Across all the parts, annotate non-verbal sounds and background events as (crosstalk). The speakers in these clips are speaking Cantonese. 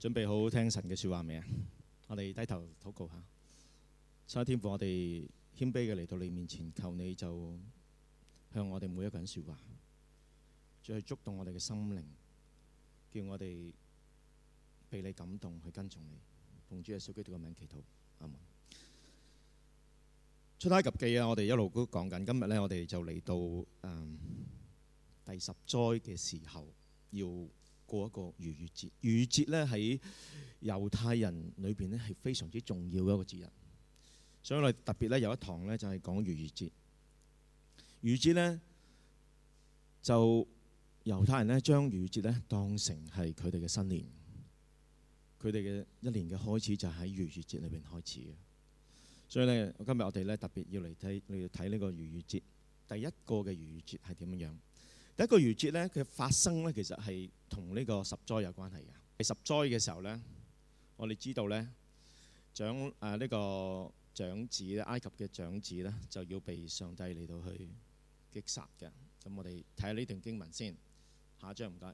準備好聽神嘅說話未啊？我哋低頭禱告下，所以天父，我哋謙卑嘅嚟到你面前，求你就向我哋每一個人說話，再去觸動我哋嘅心靈，叫我哋被你感動去跟從你。奉主耶穌基督嘅名祈禱，阿門。出埃及記啊，我哋一路都講緊，今日咧我哋就嚟到嗯第十災嘅時候，要。過一個逾越節，逾越節咧喺猶太人裏邊咧係非常之重要嘅一個節日，所以我哋特別咧有一堂咧就係講逾越節。逾越節咧就猶太人咧將逾越節咧當成係佢哋嘅新年，佢哋嘅一年嘅開始就喺逾越節裏邊開始嘅，所以咧今日我哋咧特別要嚟睇，要睇呢個逾越節，第一個嘅逾越節係點樣？第一個逾越節咧，佢發生咧，其實係同呢個十災有關係嘅。十災嘅時候咧，我哋知道咧，長啊呢個長子埃及嘅長子咧，就要被上帝嚟到去擊殺嘅。咁我哋睇下呢段經文先，下一章唔該。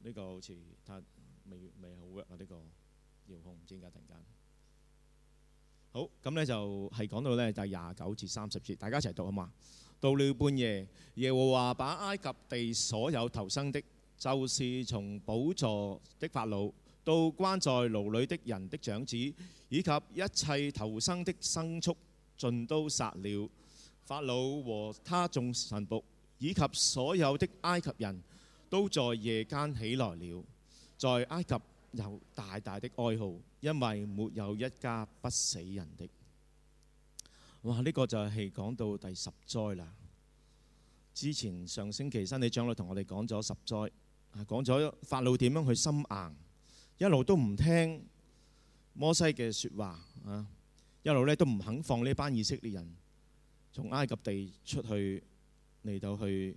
呢個好似睇未未好 work 啊！呢個遙控唔知點解突然間。好，咁咧就係講到咧第廿九至三十節，大家一齊讀啊嘛。到了半夜，耶和華把埃及地所有投生的，就是從寶座的法老到關在牢裏的人的長子，以及一切投生的牲畜，盡都殺了。法老和他眾臣僕以及所有的埃及人都在夜間起來了，在埃及有大大的哀號，因為沒有一家不死人的。哇！呢、這個就係講到第十災啦。之前上星期新，身體長老同我哋講咗十災，講咗法老點樣去心硬，一路都唔聽摩西嘅説話啊，一路咧都唔肯放呢班以色列人從埃及地出去嚟到去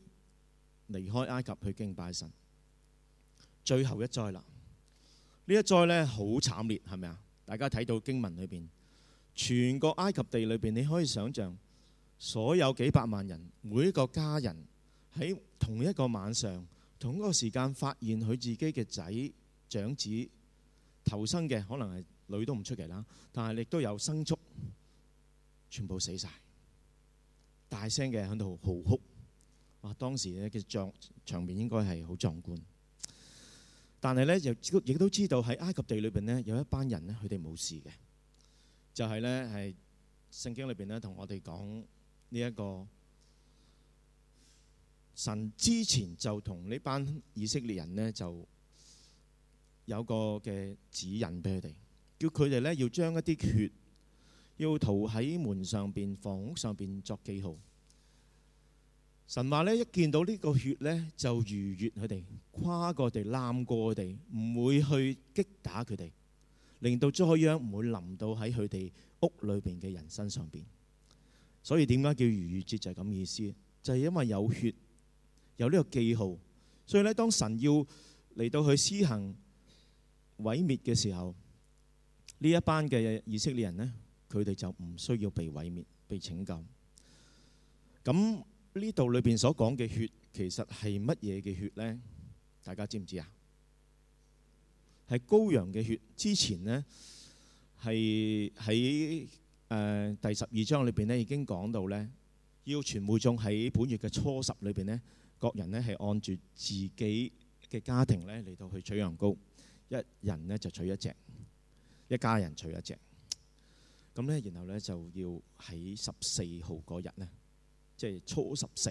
離開埃及去敬拜神。最後一災啦，呢一災呢，好慘烈，係咪啊？大家睇到經文裏邊。全個埃及地裏邊，你可以想象，所有幾百萬人，每一個家人喺同一個晚上、同一個時間發現佢自己嘅仔長子頭生嘅，可能係女都唔出奇啦，但係亦都有牲畜全部死晒，大聲嘅喺度嚎哭。哇！當時呢嘅壯場面應該係好壯觀，但係呢，又亦都知道喺埃及地裏邊呢，有一班人呢，佢哋冇事嘅。就係咧，係聖經裏邊咧，同我哋講呢一個神之前就同呢班以色列人呢，就有個嘅指引俾佢哋，叫佢哋咧，要將一啲血要塗喺門上邊、房屋上邊作記號。神話咧一見到呢個血咧，就逾越佢哋，跨過佢哋，攬過佢哋，唔會去擊打佢哋。令到災殃唔會淋到喺佢哋屋裏邊嘅人身上邊，所以點解叫逾越節就係咁意思？就係因為有血有呢個記號，所以咧當神要嚟到去施行毀滅嘅時候，呢一班嘅以色列人呢，佢哋就唔需要被毀滅、被拯救。咁呢度裏邊所講嘅血其實係乜嘢嘅血呢？大家知唔知啊？係羔羊嘅血。之前呢，係喺誒第十二章裏邊呢已經講到呢，要全會眾喺本月嘅初十裏邊呢，各人呢係按住自己嘅家庭呢嚟到去取羊羔，一人呢就取一隻，一家人取一隻。咁呢，然後呢就要喺十四號嗰日呢，即係初十四，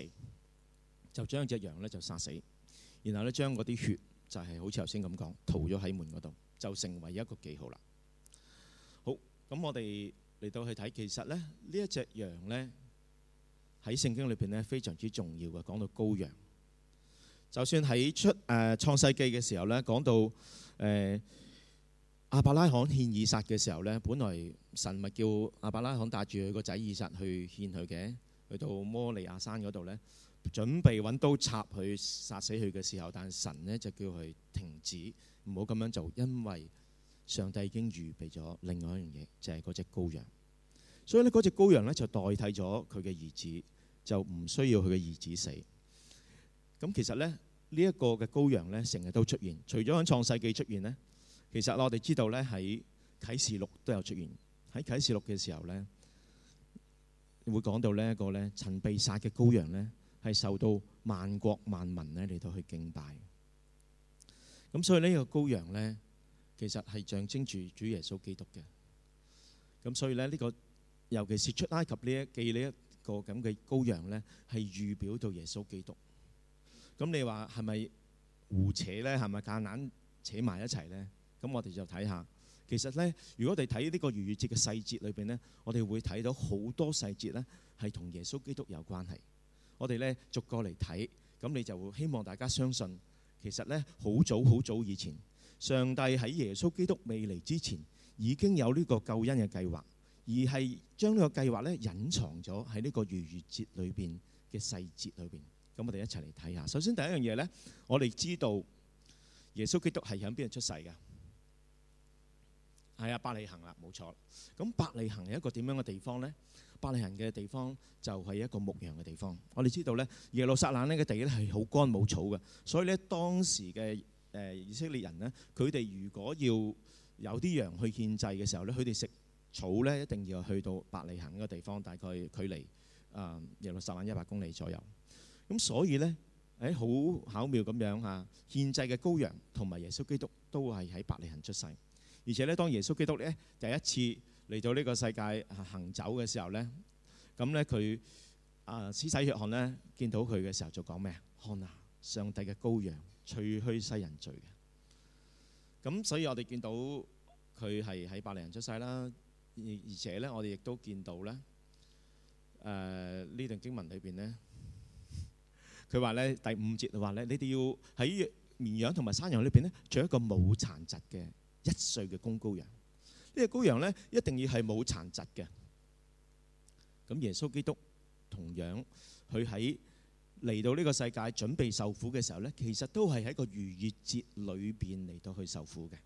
就將隻羊呢就殺死，然後呢，將嗰啲血。就係好似頭先咁講，逃咗喺門嗰度，就成為一個記號啦。好，咁我哋嚟到去睇，其實咧，呢一隻羊咧，喺聖經裏邊咧，非常之重要嘅，講到羔羊。就算喺出誒創世記嘅時候咧，講到誒亞伯拉罕獻以撒嘅時候咧，本來神咪叫亞伯拉罕帶住佢個仔以撒去獻佢嘅，去到摩利亞山嗰度咧。準備揾刀插佢殺死佢嘅時候，但神呢，就叫佢停止，唔好咁樣做，因為上帝已經預備咗另外一樣嘢，就係嗰隻羔羊。所以呢，嗰隻羔羊呢，就代替咗佢嘅兒子，就唔需要佢嘅兒子死。咁其實呢，呢一個嘅羔羊呢，成日都出現，除咗喺創世紀出現呢，其實我哋知道呢，喺啟示錄都有出現。喺啟示錄嘅時候呢，會講到呢一個呢，曾被殺嘅羔羊呢。係受到萬國萬民咧嚟到去敬拜咁，所以呢個羔羊呢，其實係象徵住主耶穌基督嘅咁。所以咧呢、這個尤其是出埃及呢一記呢一個咁嘅羔羊呢，係預表到耶穌基督咁。你話係咪胡扯呢？係咪夾硬扯埋一齊呢？咁我哋就睇下。其實呢，如果我哋睇呢個逾越節嘅細節裏邊呢，我哋會睇到好多細節呢，係同耶穌基督有關係。我哋咧逐個嚟睇，咁你就會希望大家相信，其實咧好早好早以前，上帝喺耶穌基督未嚟之前，已經有呢個救恩嘅計劃，而係將呢個計劃咧隱藏咗喺呢個逾越節裏邊嘅細節裏邊。咁我哋一齊嚟睇下。首先第一樣嘢咧，我哋知道耶穌基督係響邊度出世嘅？係啊，伯利恒啦，冇錯。咁伯利恒係一個點樣嘅地方咧？伯利恒嘅地方就係一個牧羊嘅地方。我哋知道咧，耶路撒冷呢個地咧係好乾冇草嘅，所以咧當時嘅誒以色列人咧，佢哋如果要有啲羊去獻祭嘅時候咧，佢哋食草咧一定要去到伯利恒嘅地方，大概距離啊耶路撒冷一百公里左右。咁所以咧，喺好巧妙咁樣嚇，獻祭嘅羔羊同埋耶穌基督都係喺伯利恒出世。而且咧，當耶穌基督咧第一次嚟到呢個世界行走嘅時候咧，咁咧佢啊，施洗約翰咧見到佢嘅時候就講咩啊？看啊，上帝嘅羔羊，除去世人罪嘅。咁所以我哋見到佢係喺伯利恆出世啦，而而且咧，我哋亦都見到咧誒呢段經文裏邊咧，佢話咧第五節話咧，你哋要喺綿羊同埋山羊裏邊咧，做一個冇殘疾嘅。一歲嘅公羔羊，呢個羔羊呢，一定要係冇殘疾嘅。咁耶穌基督同樣佢喺嚟到呢個世界準備受苦嘅時候呢，其實都係喺個逾越節裏邊嚟到去受苦嘅。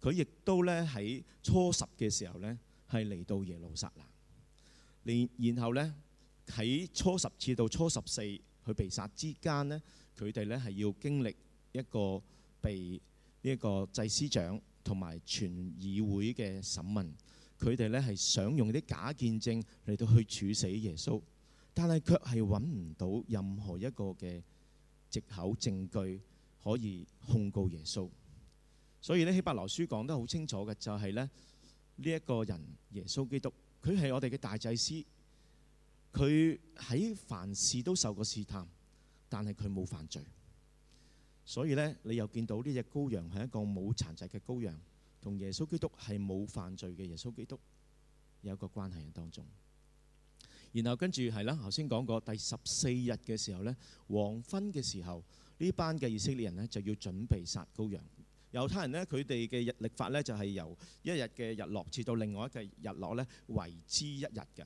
佢亦都呢，喺初十嘅時候呢，係嚟到耶路撒冷，然然後呢，喺初十至到初十四去被殺之間呢，佢哋呢係要經歷一個被呢個祭司長，同埋全議會嘅審問，佢哋呢係想用啲假見證嚟到去處死耶穌，但係卻係揾唔到任何一個嘅藉口證據可以控告耶穌。所以呢，希伯來書講得好清楚嘅就係、是、呢：「呢一個人耶穌基督，佢係我哋嘅大祭司，佢喺凡事都受過試探，但係佢冇犯罪。」所以咧，你又見到呢隻羔羊係一個冇殘疾嘅羔羊，同耶穌基督係冇犯罪嘅耶穌基督有一個關係嘅當中。然後跟住係啦，頭先講過第十四日嘅時候呢，黃昏嘅時候，呢班嘅以色列人呢就要準備殺羔羊。猶太人呢，佢哋嘅日曆法呢就係由一日嘅日落至到另外一個日落呢為之一日嘅。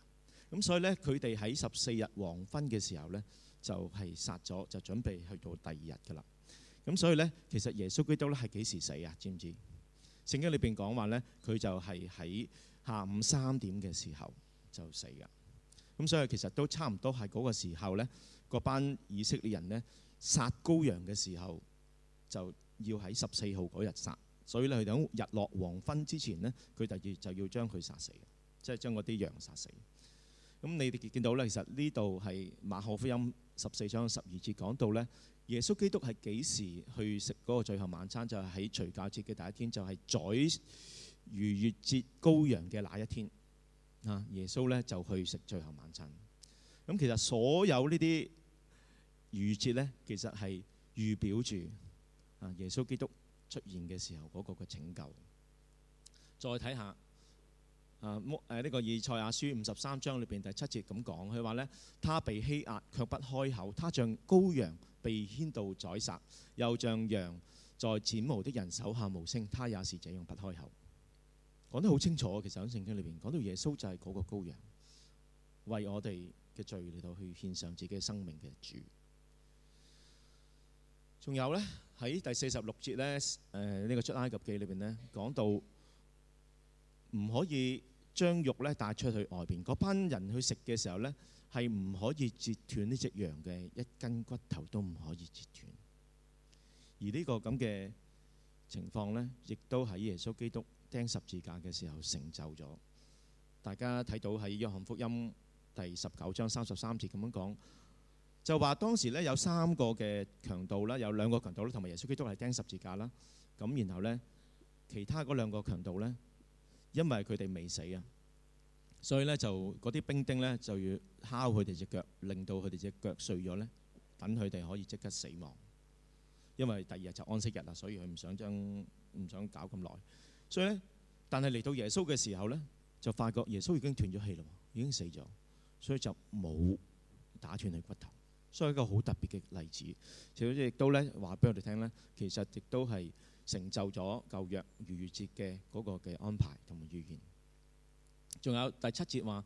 咁所以呢，佢哋喺十四日黃昏嘅時候呢，就係殺咗，就準備去做第二日㗎喇。咁所以咧，其實耶穌基督咧係幾時死啊？知唔知？聖經裏邊講話咧，佢就係喺下午三點嘅時候就死㗎。咁所以其實都差唔多係嗰個時候咧，嗰班以色列人咧殺羔羊嘅時候，就要喺十四號嗰日殺。所以咧，佢等日落黃昏之前咧，佢就要就要將佢殺死嘅，即係將嗰啲羊殺死。咁你哋見到咧，其實呢度係馬可福音十四章十二節講到咧。耶穌基督係幾時去食嗰個最後晚餐？就係喺除酵節嘅第一天，就係宰逾越節羔羊嘅那一天啊。耶穌咧就去食最後晚餐。咁其實所有節呢啲逾節咧，其實係預表住啊耶穌基督出現嘅時候嗰個嘅拯救。再睇下啊，誒、這、呢個以賽亞書五十三章裏邊第七節咁講，佢話咧，他被欺壓，卻不開口，他像羔羊。被牽到宰殺，又像羊在剪毛的人手下無聲，他也是這樣不開口。講得好清楚，其實喺聖經裏邊講到耶穌就係嗰個羔羊，為我哋嘅罪嚟到去獻上自己嘅生命嘅主。仲有呢，喺第四十六節呢，誒、呃、呢、這個出埃及記裏邊呢，講到唔可以將肉呢帶出去外邊，嗰班人去食嘅時候呢。係唔可以截斷呢隻羊嘅一根骨頭都唔可以截斷，而呢個咁嘅情況呢，亦都喺耶穌基督釘十字架嘅時候成就咗。大家睇到喺《約翰福音》第十九章三十三節咁樣講，就話當時呢有三個嘅強盜啦，有兩個強盜啦，同埋耶穌基督係釘十字架啦。咁然後呢，其他嗰兩個強盜呢，因為佢哋未死啊。所以咧就嗰啲兵丁咧就要敲佢哋隻腳，令到佢哋隻腳碎咗咧，等佢哋可以即刻死亡。因為第二日就安息日啦，所以佢唔想將唔想搞咁耐。所以咧，但係嚟到耶穌嘅時候咧，就發覺耶穌已經斷咗氣咯，已經死咗，所以就冇打斷佢骨頭。所以一個好特別嘅例子，亦都咧話俾我哋聽咧，其實亦都係成就咗舊約逾越節嘅嗰個嘅安排同埋預言。仲有第七節話誒、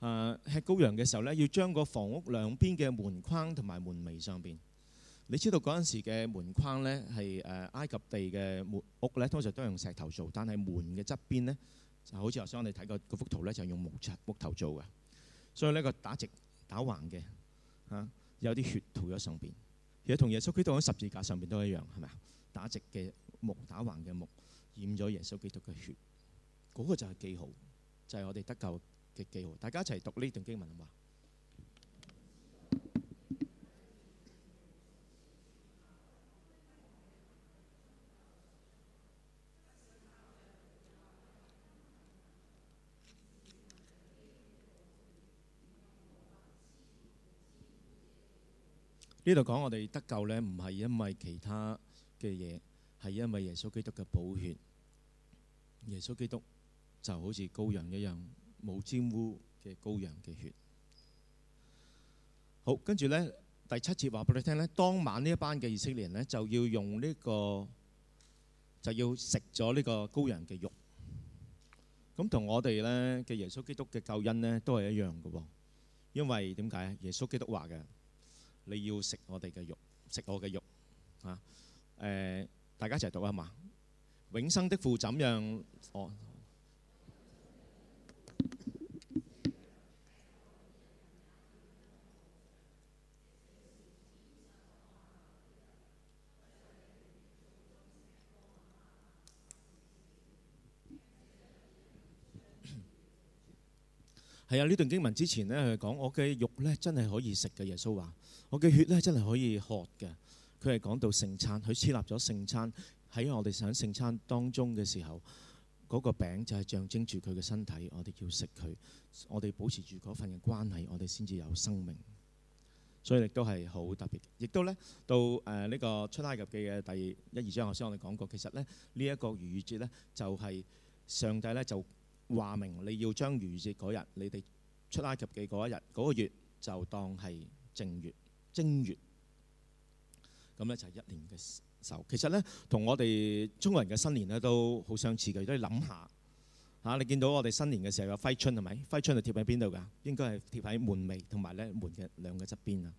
呃、吃羔羊嘅時候咧，要將個房屋兩邊嘅門框同埋門楣上邊。你知道嗰陣時嘅門框咧係誒埃及地嘅木屋咧，通常都係用石頭做，但係門嘅側邊咧就好似我想你睇過嗰幅圖咧，就是、用木柴木頭做嘅。所以呢個打直打橫嘅嚇、啊、有啲血塗咗上邊，而同耶穌基督喺十字架上邊都一樣，係咪啊？打直嘅木打橫嘅木染咗耶穌基督嘅血，嗰、那個就係記號。就係我哋得救嘅記號，大家一齊讀呢段經文好嘛？呢度講我哋得救呢，唔係因為其他嘅嘢，係因為耶穌基督嘅寶血。耶穌基督。就好似羔羊一樣，冇沾污嘅羔羊嘅血。好，跟住咧第七節話俾你聽咧，當晚呢一班嘅以色列人咧，就要用呢個，就要食咗呢個羔羊嘅肉。咁同我哋咧嘅耶穌基督嘅救恩咧都係一樣嘅喎。因為點解啊？耶穌基督話嘅，你要食我哋嘅肉，食我嘅肉。啊，誒，大家一齊讀啊嘛。永生的父怎樣？哦。係啊！呢段經文之前咧，佢講我嘅肉咧真係可以食嘅。耶穌話：我嘅血咧真係可以喝嘅。佢係講到聖餐，佢設立咗聖餐。喺我哋上聖餐當中嘅時候，嗰個餅就係象徵住佢嘅身體。我哋要食佢，我哋保持住嗰份嘅關係，我哋先至有生命。所以亦都係好特別。亦都咧到誒呢個出埃及記嘅第一二章，頭先我哋講過。其實咧呢一個逾越節咧，就係上帝咧就。話明你要將逾越節嗰日，你哋出埃及嘅嗰一日嗰個月就當係正月，正月咁咧就係一年嘅首。其實咧，同我哋中國人嘅新年咧都好相似嘅。如果你諗下嚇，你見到我哋新年嘅時候有揮春係咪？揮春係貼喺邊度㗎？應該係貼喺門楣同埋咧門嘅兩個側邊啊，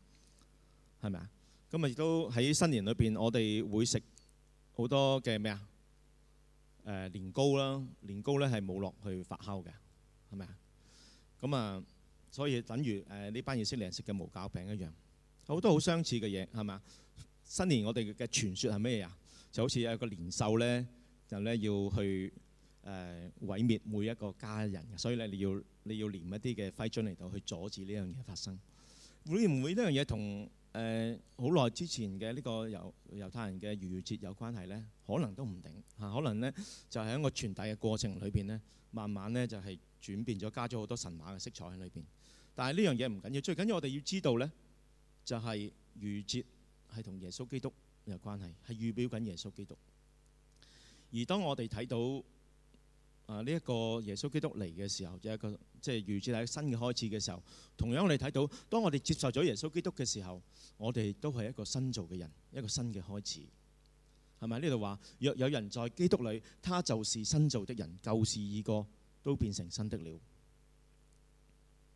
係咪啊？咁啊亦都喺新年裏邊，我哋會食好多嘅咩啊？誒年糕啦，年糕咧係冇落去發酵嘅，係咪啊？咁啊，所以等於誒呢班以色列人食嘅無酵餅一樣，好多好相似嘅嘢係咪啊？新年我哋嘅傳說係咩啊？就好似有個年獸咧，就咧要去誒毀滅每一個家人，所以咧你要你要連一啲嘅徽章嚟到去阻止呢樣嘢發生，會唔會呢樣嘢同？誒好耐之前嘅呢個猶猶太人嘅逾越節有關係呢，可能都唔定嚇、啊，可能呢，就係一個傳遞嘅過程裏邊呢，慢慢呢，就係、是、轉變咗，加咗好多神話嘅色彩喺裏邊。但係呢樣嘢唔緊要，最緊要我哋要知道呢，就係逾越節係同耶穌基督有關係，係預表緊耶穌基督。而當我哋睇到，啊！呢、這、一個耶穌基督嚟嘅時候，就係一個即係預兆係新嘅開始嘅時候。同樣我哋睇到，當我哋接受咗耶穌基督嘅時候，我哋都係一個新造嘅人，一個新嘅開始，係咪？呢度話若有人在基督裏，他就是新造的人，舊事已過，都變成新的了。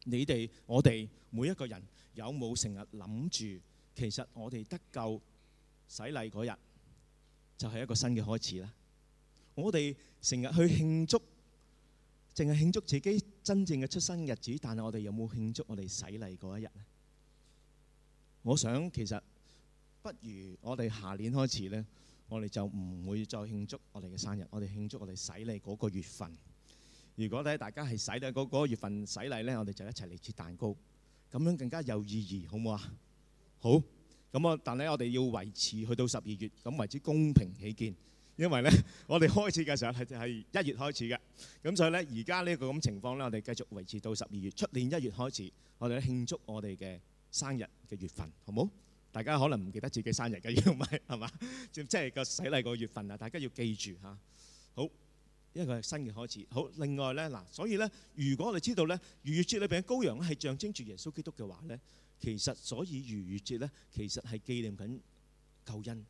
你哋我哋每一個人有冇成日諗住，其實我哋得救洗禮嗰日就係、是、一個新嘅開始啦。我哋。成日去慶祝，淨係慶祝自己真正嘅出生日子，但係我哋有冇慶祝我哋洗禮嗰一日咧？我想其實不如我哋下年開始咧，我哋就唔會再慶祝我哋嘅生日，我哋慶祝我哋洗禮嗰個月份。如果咧大家係洗禮嗰個月份洗禮咧，我哋就一齊嚟切蛋糕，咁樣更加有意義，好唔好啊？好，咁啊，但係咧我哋要維持去到十二月，咁為之公平起見。因為咧，我哋開始嘅時候係就係一月開始嘅，咁所以咧，而家呢個咁情況咧，我哋繼續維持到十二月。出年一月開始，我哋咧慶祝我哋嘅生日嘅月份，好冇？大家可能唔記得自己生日嘅，要唔係，係嘛？即係個洗禮個月份啊，大家要記住吓。好，一個係新嘅開始。好，另外咧嗱，所以咧，如果我哋知道咧，逾越節裏邊嘅羔羊咧係象徵住耶穌基督嘅話咧，其實所以逾越節咧，其實係紀念緊救恩。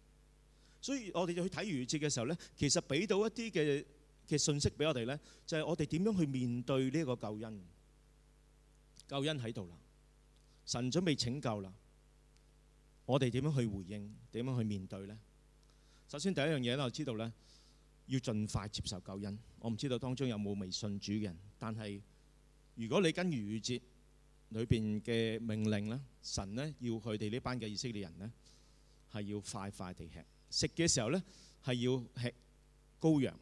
所以我哋就去睇逾越節嘅時候咧，其實俾到一啲嘅嘅信息俾我哋咧，就係我哋點樣去面對呢一個救恩？救恩喺度啦，神準備拯救啦，我哋點樣去回應？點樣去面對咧？首先第一樣嘢咧，我知道咧，要盡快接受救恩。我唔知道當中有冇未信主嘅人，但係如果你跟逾越節裏邊嘅命令咧，神咧要佢哋呢班嘅以色列人咧係要快快地吃。食嘅時候咧，係要吃羔羊，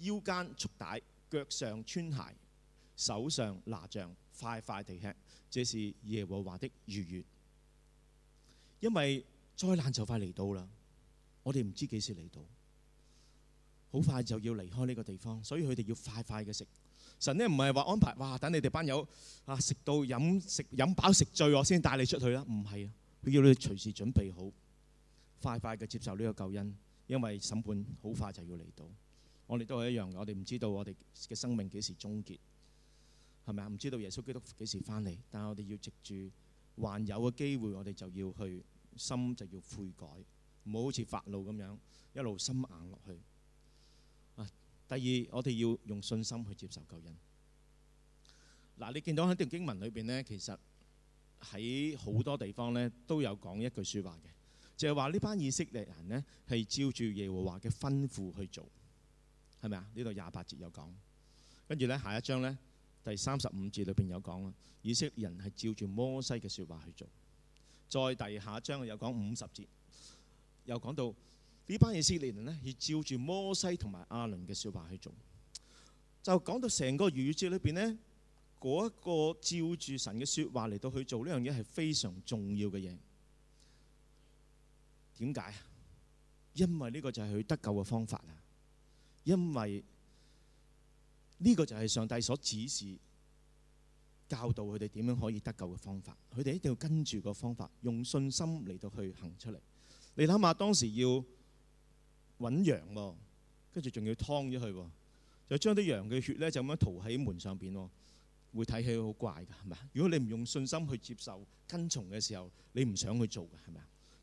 腰間束帶，腳上穿鞋，手上拿杖，快快地吃，這是耶和華的逾越節。因為災難就快嚟到啦，我哋唔知幾時嚟到，好快就要離開呢個地方，所以佢哋要快快嘅食。神呢，唔係話安排，哇！等你哋班友啊食到飲食飲飽食醉，我先帶你出去啦。唔係啊，佢要你隨時準備好。快快嘅接受呢個救恩，因為審判好快就要嚟到。我哋都係一樣，我哋唔知道我哋嘅生命幾時終結，係咪啊？唔知道耶穌基督幾時翻嚟，但係我哋要藉住還有嘅機會，我哋就要去，心就要悔改，唔好好似法老咁樣一路心硬落去。啊，第二我哋要用信心去接受救恩。嗱，啊，你見到喺段經文裏邊呢，其實喺好多地方呢都有講一句説話嘅。就係話呢班以色列人呢，係照住耶和華嘅吩咐去做，係咪啊？呢度廿八節有講，跟住咧下一章咧，第三十五節裏邊有講啦。以色列人係照住摩西嘅説話去做。再第下一章有講五十節，又講到呢班以色列人呢，係照住摩西同埋亞倫嘅説話去做。就講到成個逾越節裏邊呢，嗰、那、一個照住神嘅説話嚟到去做呢樣嘢係非常重要嘅嘢。點解啊？因為呢個就係佢得救嘅方法啊！因為呢個就係上帝所指示教導佢哋點樣可以得救嘅方法，佢哋一定要跟住個方法，用信心嚟到去行出嚟。你諗下，當時要搵羊，跟住仲要劏咗佢，就將啲羊嘅血咧就咁樣塗喺門上邊，會睇起好怪噶，係咪啊？如果你唔用信心去接受跟從嘅時候，你唔想去做噶，係咪啊？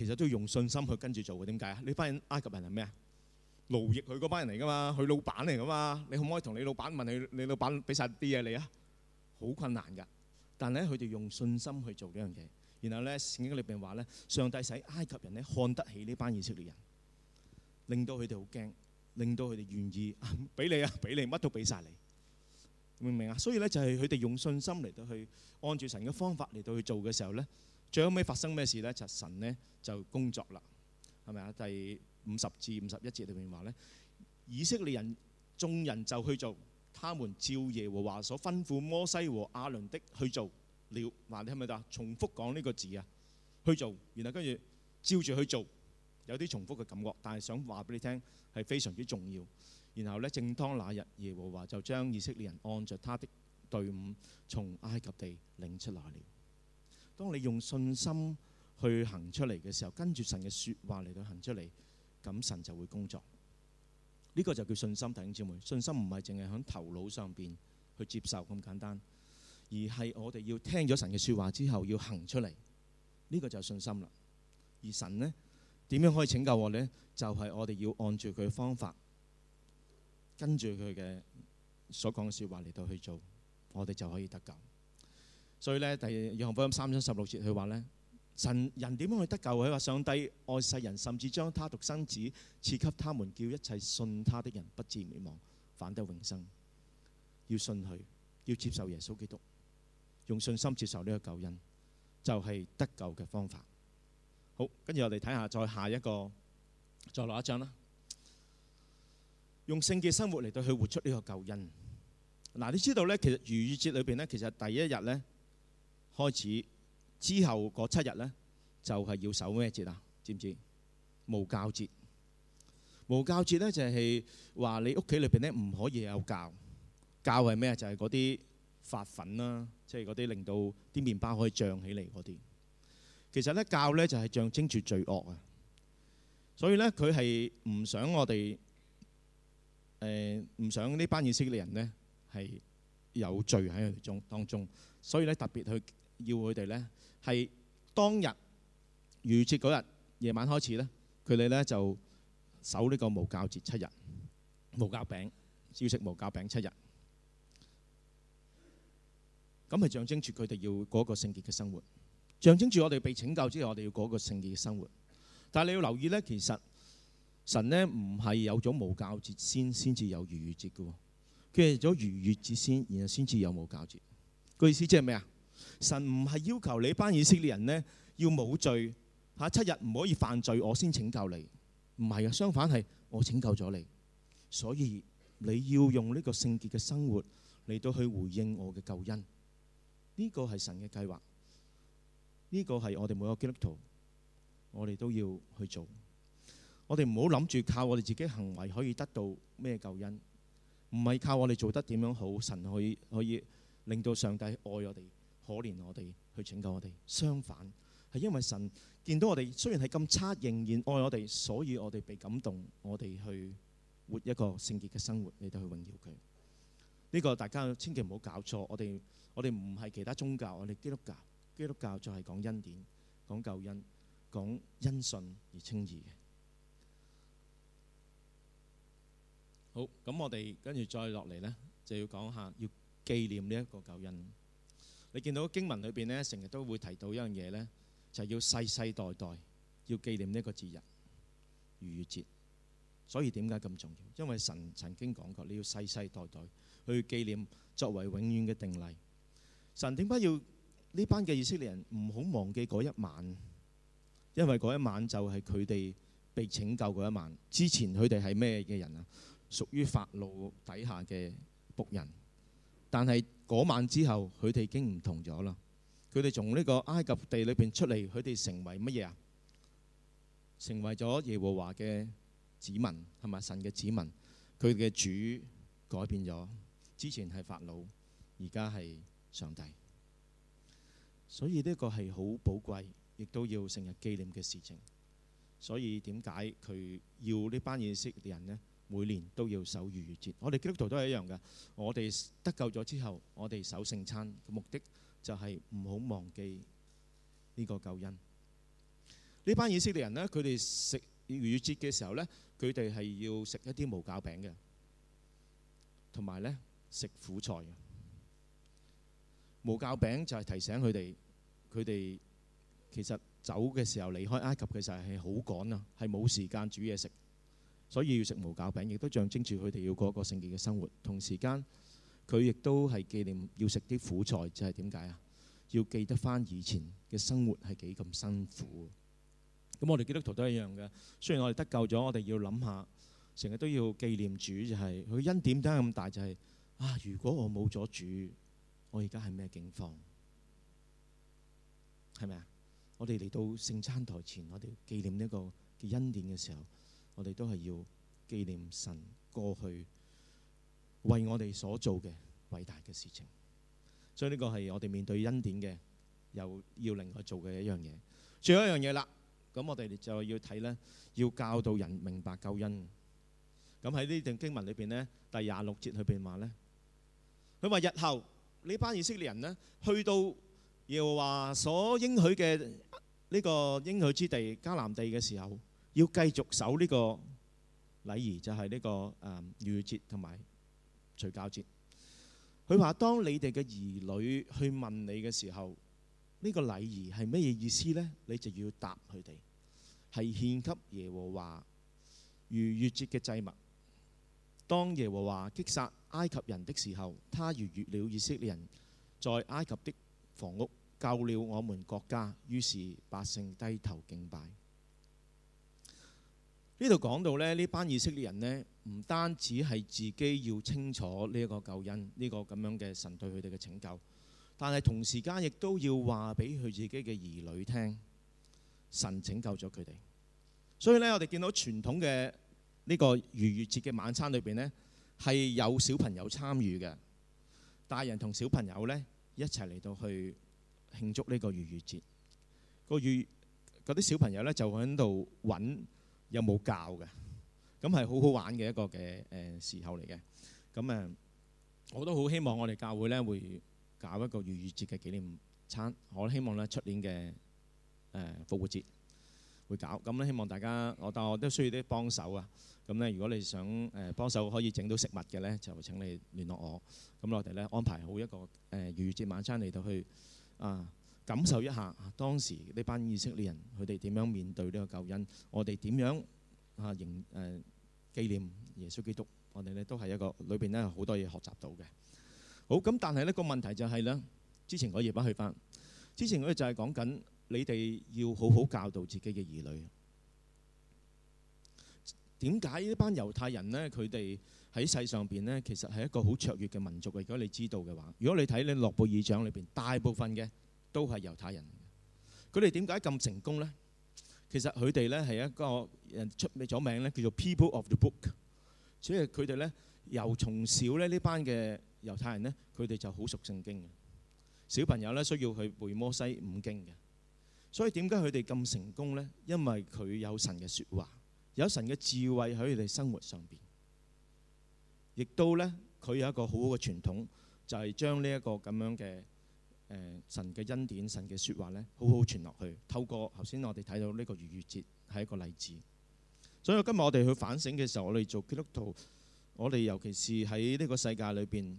其實都要用信心去跟住做嘅，點解啊？呢班埃及人係咩啊？奴役佢嗰班人嚟噶嘛，佢老闆嚟噶嘛，你可唔可以同你老闆問佢？你老闆俾曬啲嘢你啊？好困難噶，但係咧，佢哋用信心去做呢樣嘢。然後咧，聖經裏邊話咧，上帝使埃及人咧看得起呢班以色列人，令到佢哋好驚，令到佢哋願意俾你啊，俾你乜都俾曬你，明唔明啊？所以咧，就係佢哋用信心嚟到去按住神嘅方法嚟到去做嘅時候咧。最後尾發生咩事咧？就神咧就工作啦，係咪啊？第五十至五十一節裏面話咧，以色列人眾人就去做,他們照耶和華所吩咐摩西和亞倫的去做了。話你係咪啊？重複講呢個字啊，去做，然後跟住照住去做，有啲重複嘅感覺，但係想話俾你聽係非常之重要。然後咧，正當那日，耶和華就將以色列人按着他的隊伍從埃及地領出來了。當你用信心去行出嚟嘅時候，跟住神嘅說話嚟到行出嚟，咁神就會工作。呢、這個就叫信心，弟兄姊妹。信心唔係淨係響頭腦上邊去接受咁簡單，而係我哋要聽咗神嘅說話之後要行出嚟，呢、這個就係信心啦。而神呢，點樣可以拯救我呢？就係、是、我哋要按住佢嘅方法，跟住佢嘅所講嘅說話嚟到去做，我哋就可以得救。所以咧，第《約翰福音》三章十六節，佢話咧：神人點樣去得救？佢話：上帝愛世人，甚至將他獨生子賜給他們，叫一切信他的人不致滅亡，反得永生。要信佢，要接受耶穌基督，用信心接受呢個救恩，就係得救嘅方法。好，跟住我哋睇下，再下一個，再落一張啦。用聖潔嘅生活嚟到去活出呢個救恩。嗱，你知道咧，其實逾越節裏邊咧，其實第一日咧。開始之後嗰七日咧，就係要守咩節啊？知唔知？無酵節。無酵節咧就係話你屋企裏邊咧唔可以有酵。酵係咩啊？就係嗰啲發粉啦，即係嗰啲令到啲麵包可以漲起嚟嗰啲。其實咧，酵咧就係象徵住罪惡啊。所以咧佢係唔想我哋，誒唔想呢班以色列人咧係有罪喺佢哋當中。所以咧特別去。要佢哋咧，係當日逾越節嗰日夜晚開始咧，佢哋咧就守呢個無教節七日，無教餅，要食無教餅七日。咁係象徵住佢哋要過一個聖潔嘅生活，象徵住我哋被拯救之後，我哋要過一個聖潔嘅生活。但係你要留意咧，其實神咧唔係有咗無教節先先至有逾越節嘅，哦，佢係咗逾越節先，然後先至有無教節。個意思即係咩啊？神唔係要求你班以色列人呢要冇罪吓、啊、七日唔可以犯罪，我先拯救你。唔係呀，相反係我拯救咗你，所以你要用呢個聖潔嘅生活嚟到去回應我嘅救恩。呢、呢個係神嘅計劃，呢、呢個係我哋每個基督徒我哋都要去做。我哋唔好諗住靠我哋自己行為可以得到咩救恩，唔係靠我哋做得點樣好，神可以可以令到上帝愛我哋。可憐我哋去拯救我哋，相反係因為神見到我哋雖然係咁差，仍然愛我哋，所以我哋被感動，我哋去活一個聖潔嘅生活，嚟到去榮耀佢。呢個大家千祈唔好搞錯，我哋我哋唔係其他宗教，我哋基督教，基督教就係講恩典、講救恩、講恩信而稱義嘅。好，咁我哋跟住再落嚟呢，就要講下要紀念呢一個救恩。你見到經文裏邊咧，成日都會提到一樣嘢咧，就係要世世代代要紀念呢個節日逾越節。所以點解咁重要？因為神曾經講過，你要世世代代去紀念，作為永遠嘅定例。神點解要呢班嘅以色列人唔好忘記嗰一晚？因為嗰一晚就係佢哋被拯救嗰一晚。之前佢哋係咩嘅人啊？屬於法老底下嘅僕人，但係，嗰晚之後，佢哋已經唔同咗啦。佢哋從呢個埃及地裏邊出嚟，佢哋成為乜嘢啊？成為咗耶和華嘅子民，係咪？神嘅子民，佢嘅主改變咗，之前係法老，而家係上帝。所以呢個係好寶貴，亦都要成日紀念嘅事情。所以點解佢要呢班以色列嘅人呢？每年都要守逾越節，我哋基督徒都係一樣嘅。我哋得救咗之後，我哋守聖餐嘅目的就係唔好忘記呢個救恩。呢班以色列人呢，佢哋食逾越節嘅時候呢，佢哋係要食一啲無酵餅嘅，同埋呢食苦菜嘅。無酵餅就係提醒佢哋，佢哋其實走嘅時候離開埃及嘅時候係好趕啊，係冇時間煮嘢食。所以要食無酵餅，亦都象徵住佢哋要過一個聖潔嘅生活。同時間，佢亦都係紀念要食啲苦菜，就係點解啊？要記得翻以前嘅生活係幾咁辛苦。咁、嗯、我哋基督徒都一樣嘅。雖然我哋得救咗，我哋要諗下，成日都要紀念主，就係、是、佢恩典真係咁大，就係、是、啊！如果我冇咗主，我而家係咩境況？係咪啊？我哋嚟到聖餐台前，我哋紀念呢個嘅恩典嘅時候。我哋都係要紀念神過去為我哋所做嘅偉大嘅事情，所以呢個係我哋面對恩典嘅，又要另外做嘅一樣嘢。最後一樣嘢啦，咁我哋就要睇咧，要教導人明白救恩。咁喺呢段經文裏邊咧，第廿六節裏便話咧，佢話日後呢班以色列人咧，去到耶和華所應許嘅呢個應許之地迦南地嘅時候要繼續守呢個禮儀，就係、是、呢、這個誒、嗯、逾越節同埋除酵節。佢話：當你哋嘅兒女去問你嘅時候，呢、這個禮儀係乜嘢意思呢？你就要答佢哋係獻給耶和華逾越節嘅祭物。當耶和華擊殺埃及人的時候，他逾越了以色列人，在埃及的房屋救了我們國家，於是百姓低頭敬拜。講呢度講到咧，呢班以色列人呢，唔單止係自己要清楚呢一個救恩，呢、這個咁樣嘅神對佢哋嘅拯救，但係同時間亦都要話俾佢自己嘅兒女聽，神拯救咗佢哋。所以呢，我哋見到傳統嘅呢個逾越節嘅晚餐裏邊呢，係有小朋友參與嘅，大人同小朋友呢，一齊嚟到去慶祝呢個逾越節。那個逾嗰啲小朋友呢，就會喺度揾。有冇教嘅？咁係好好玩嘅一個嘅誒時候嚟嘅。咁誒，我都好希望我哋教會咧會搞一個逾越節嘅紀念餐。我希望咧出年嘅誒、呃、復活節會搞。咁咧希望大家，我但我都需要啲幫手啊。咁咧，如果你想誒、呃、幫手可以整到食物嘅咧，就請你聯絡我。咁我哋咧安排好一個誒逾越節晚餐嚟到去啊。感受一下當時呢班以色列人佢哋點樣面對呢個救恩，我哋點樣啊迎誒紀念耶穌基督，我哋呢都係一個裏邊呢好多嘢學習到嘅。好咁，但係呢個問題就係呢，之前我頁翻去翻，之前我哋就係講緊你哋要好好教導自己嘅兒女。點解呢班猶太人呢佢哋喺世上邊呢其實係一個好卓越嘅民族？如果你知道嘅話，如果你睇你諾貝爾獎裏邊大部分嘅。都係猶太人，佢哋點解咁成功呢？其實佢哋呢係一個誒出咗名呢，叫做 People of the Book。即係佢哋呢由從小咧呢班嘅猶太人呢，佢哋就好熟聖經嘅，小朋友呢需要去背摩西五經嘅。所以點解佢哋咁成功呢？因為佢有神嘅説話，有神嘅智慧喺佢哋生活上面，亦都呢佢有一個好好嘅傳統，就係將呢一個咁樣嘅。誒、呃、神嘅恩典、神嘅説話咧，好好傳落去。透過頭先我哋睇到呢個逾越節係一個例子，所以今日我哋去反省嘅時候，我哋做基督徒，我哋尤其是喺呢個世界裏邊，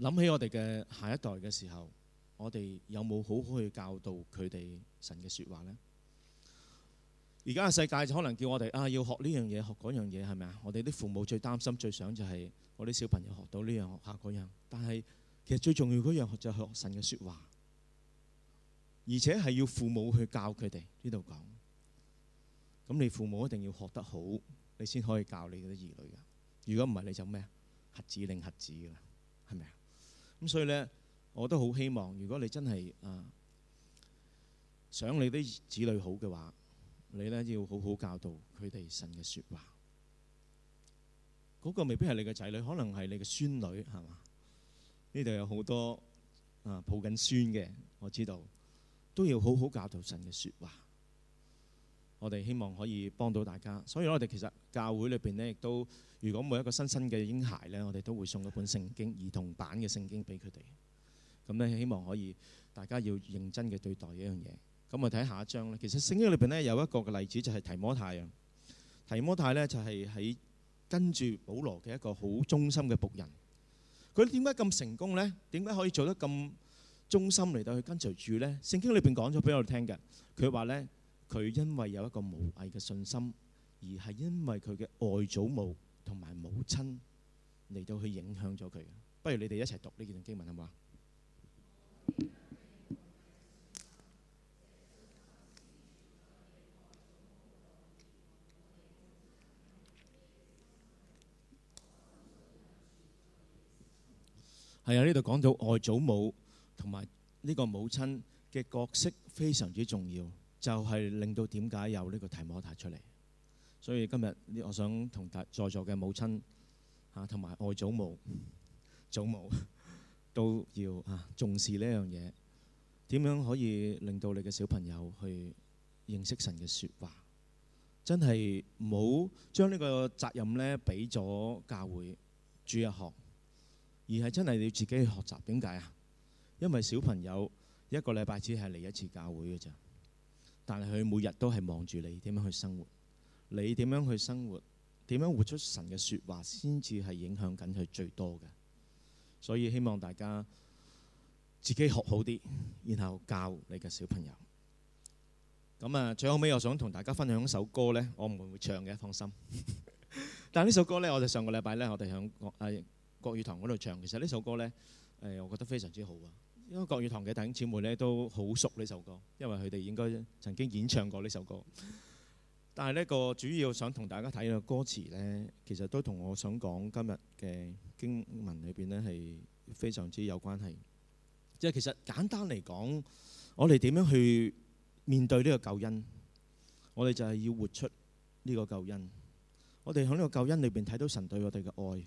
諗起我哋嘅下一代嘅時候，我哋有冇好好去教導佢哋神嘅説話咧？而家嘅世界就可能叫我哋啊，要學呢樣嘢、學嗰樣嘢，係咪啊？我哋啲父母最擔心、最想就係我啲小朋友學到呢樣、學下嗰樣，但係其實最重要嗰樣學就係學神嘅説話，而且係要父母去教佢哋呢度講。咁你父母一定要學得好，你先可以教你啲兒女噶。如果唔係，你就咩啊？瞎子令瞎子噶啦，係咪啊？咁所以咧，我都好希望，如果你真係啊、呃、想你啲子女好嘅話，你咧要好好教導佢哋神嘅説話。嗰個未必係你嘅仔女，可能係你嘅孫女，係嘛？呢度有好多啊抱緊孫嘅，我知道都要好好教導神嘅説話。我哋希望可以幫到大家，所以我哋其實教會裏邊呢，亦都如果每一個新生嘅嬰孩呢，我哋都會送一本聖經兒童版嘅聖經俾佢哋。咁呢，希望可以大家要認真嘅對待一樣嘢。咁我睇下一章呢，其實聖經裏邊呢，有一個嘅例子，就係提摩太。提摩太呢，就係喺跟住保羅嘅一個好忠心嘅僕人。佢點解咁成功咧？點解可以做得咁忠心嚟到去跟隨住咧？聖經裏邊講咗俾我哋聽嘅，佢話咧，佢因為有一個無偽嘅信心，而係因為佢嘅外祖母同埋母親嚟到去影響咗佢。不如你哋一齊讀呢段經文，好唔好？係啊！呢度講到外祖母同埋呢個母親嘅角色非常之重要，就係、是、令到點解有呢個題目帶出嚟。所以今日我想同大在座嘅母親嚇同埋外祖母、祖母都要嚇重視呢樣嘢。點樣可以令到你嘅小朋友去認識神嘅説話？真係唔好將呢個責任咧俾咗教會主日學。而係真係你自己去學習，點解啊？因為小朋友一個禮拜只係嚟一次教會嘅咋，但係佢每日都係望住你點樣去生活，你點樣去生活，點樣活出神嘅説話，先至係影響緊佢最多嘅。所以希望大家自己學好啲，然後教你嘅小朋友。咁啊，最後尾我想同大家分享一首歌呢，我唔會唱嘅，放心。 (laughs) 但係呢首歌呢，我哋上個禮拜呢，我哋響國語堂嗰度唱，其實呢首歌呢，誒，我覺得非常之好啊！因為國語堂嘅弟兄姊妹呢都好熟呢首歌，因為佢哋應該曾經演唱過呢首歌。但係呢個主要想同大家睇嘅歌詞呢，其實都同我想講今日嘅經文裏邊呢係非常之有關係。即係其實簡單嚟講，我哋點樣去面對呢個救恩？我哋就係要活出呢個救恩。我哋喺呢個救恩裏邊睇到神對我哋嘅愛。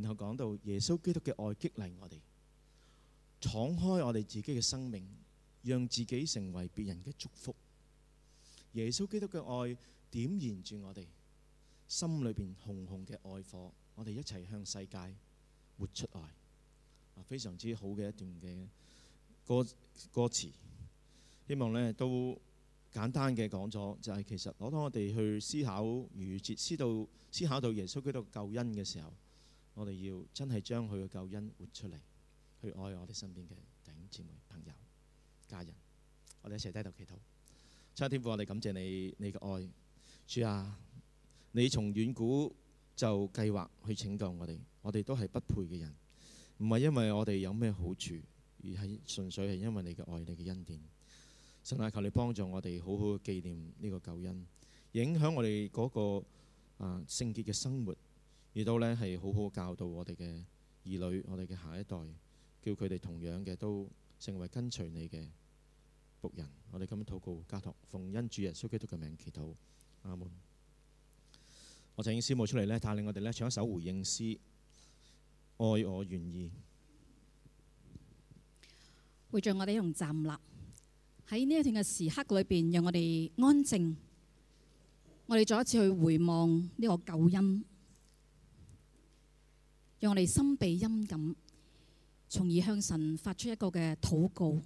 然後講到耶穌基督嘅愛激勵我哋敞開我哋自己嘅生命，讓自己成為別人嘅祝福。耶穌基督嘅愛點燃住我哋心裏邊紅紅嘅愛火，我哋一齊向世界活出愛。非常之好嘅一段嘅歌歌詞，希望呢都簡單嘅講咗，就係、是、其實我當我哋去思考逾越節，思到思考到耶穌基督救恩嘅時候。我哋要真係將佢嘅救恩活出嚟，去愛我哋身邊嘅弟兄姊妹、朋友、家人。我哋一齊低頭祈禱。七天父，我哋感謝你，你嘅愛，主啊，你從遠古就計劃去拯救我哋。我哋都係不配嘅人，唔係因為我哋有咩好處，而係純粹係因為你嘅愛、你嘅恩典。神啊，求你幫助我哋好好嘅紀念呢個救恩，影響我哋嗰、那個啊、呃、聖潔嘅生活。亦都咧係好好教導我哋嘅兒女，我哋嘅下一代，叫佢哋同樣嘅都成為跟隨你嘅僕人。我哋咁樣禱告交託，家堂奉恩主耶穌基督嘅名祈禱，阿門。我就已經司務出嚟呢，帶領我哋呢，唱一首回應詩《愛我願意》，回著我哋同站立喺呢一段嘅時刻裏邊，讓我哋安靜。我哋再一次去回望呢個救恩。讓我哋心被陰感，從而向神發出一個嘅禱告。